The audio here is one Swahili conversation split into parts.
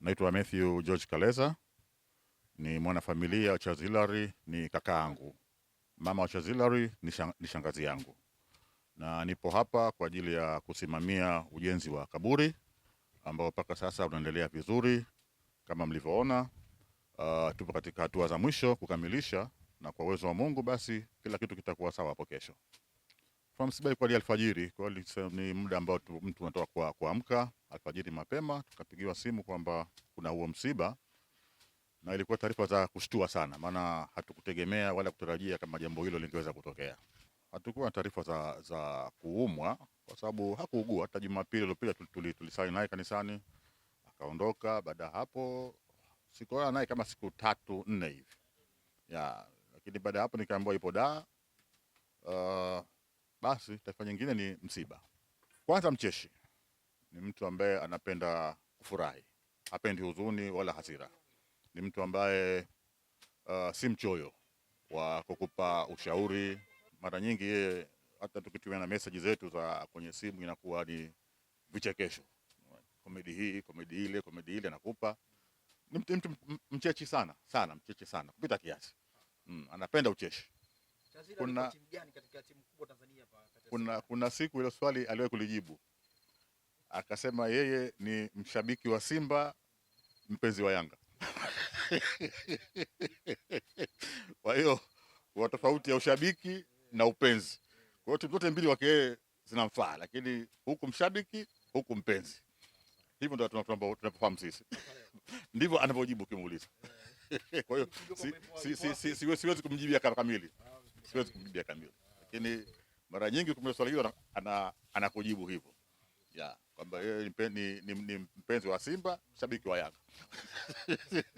Naitwa Matthew George Kaleza, ni mwanafamilia wa Chazilari, ni yangu Mama wa Chazilari ni shangazi yangu, na nipo hapa kwa ajili ya kusimamia ujenzi wa kaburi ambao mpaka sasa unaendelea vizuri kama mlivyoona. Uh, tupo katika hatua za mwisho kukamilisha, na kwa uwezo wa Mungu basi kila kitu kitakuwa sawa hapo kesho kwa msiba kwa alfajiri kwa hiyo ni muda ambao mtu anatoka kwa kuamka alfajiri mapema, tukapigiwa simu kwamba kuna huo msiba, na ilikuwa taarifa za kushtua sana, maana hatukutegemea wala kutarajia kama jambo hilo lingeweza kutokea. Hatukuwa na taarifa za, za kuumwa kwa sababu hakuugua. Hata Jumapili iliyopita tulisali naye kanisani akaondoka. Baada ya hapo sikuona naye kama siku tatu nne hivi ya, lakini baada ya hapo nikaambiwa ipo daa uh, basi taifa nyingine ni msiba. Kwanza, Mcheshi ni mtu ambaye anapenda kufurahi, hapendi huzuni wala hasira. Ni mtu ambaye uh, si mchoyo wa kukupa ushauri. Mara nyingi yeye hata tukitumia na message zetu za kwenye simu inakuwa ni vichekesho, komedi hii, komedi ile, komedi ile anakupa. Ni mtu mchechi sana sana, mchechi sana kupita kiasi. Mm, anapenda ucheshi kuna, kuna, kuna siku ile swali aliwahi kulijibu akasema yeye ni mshabiki wa Simba, mpenzi wa Yanga. Kwa hiyo wa tofauti ya ushabiki na upenzi. Kwa hiyo timu zote mbili wake yeye zinamfaa, lakini huku mshabiki huku mpenzi. Hivyo ndio tunapofahamu sisi, ndivyo anavyojibu ukimuuliza. Eh. Kwa hiyo siwezi kumjibia kamili. Ah siwezi kumjibia kamili, lakini mara nyingi swali hilo anakujibu ana hivyo ya kwamba yeye ni, ni, ni mpenzi wa Simba, shabiki wa Yanga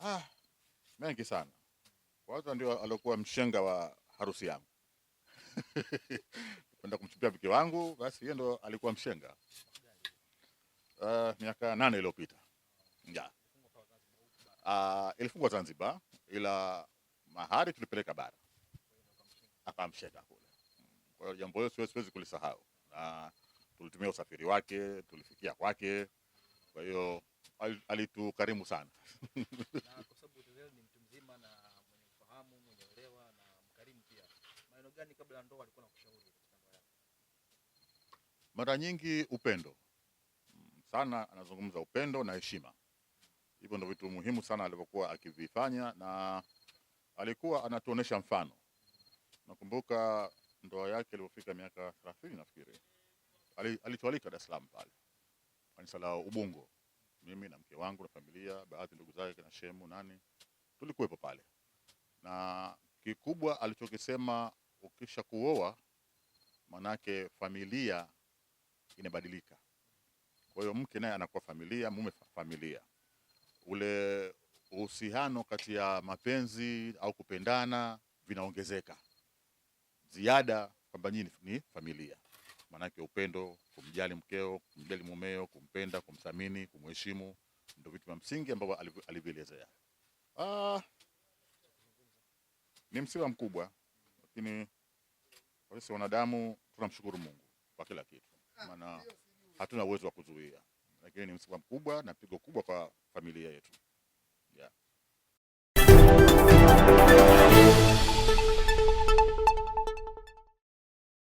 Ah, mengi sana kwanza, ndio aliokuwa mshenga wa harusi yangu kwenda kumchumbia mke wangu, basi yeye ndo alikuwa mshenga uh, miaka nane iliyopita ya uh, ilifungwa Zanzibar, ila mahari tulipeleka bara, akamsheka kule. Kwa hiyo jambo hilo siwezi siwezi kulisahau, na tulitumia usafiri wake, tulifikia kwake, kwa hiyo al, alitukarimu sana Mara nyingi upendo mm, sana, anazungumza upendo na heshima. Hivyo ndio vitu muhimu sana alivyokuwa akivifanya na alikuwa anatuonesha mfano. Nakumbuka ndoa yake ilipofika miaka 30 nafikiri, alitualika Dar es Salaam pale kanisa la Ubungo, mimi na mke wangu na familia, baadhi ndugu zake na shemu nani, tulikuwepo pale, na kikubwa alichokisema, ukisha kuoa manake familia inabadilika. Kwa hiyo mke naye anakuwa familia, mume familia ule uhusiano kati ya mapenzi au kupendana vinaongezeka ziada, kwamba nyinyi ni familia. Maanake upendo, kumjali mkeo, kumjali mumeo, kumpenda, kumthamini, kumheshimu, ndio vitu vya msingi ambavyo alivyoelezea. Ah, ni msiba mkubwa, lakini kwa sisi wanadamu tunamshukuru Mungu kwa kila kitu, maana hatuna uwezo wa kuzuia lakini ni msiba mkubwa na pigo kubwa kwa familia yetu yeah.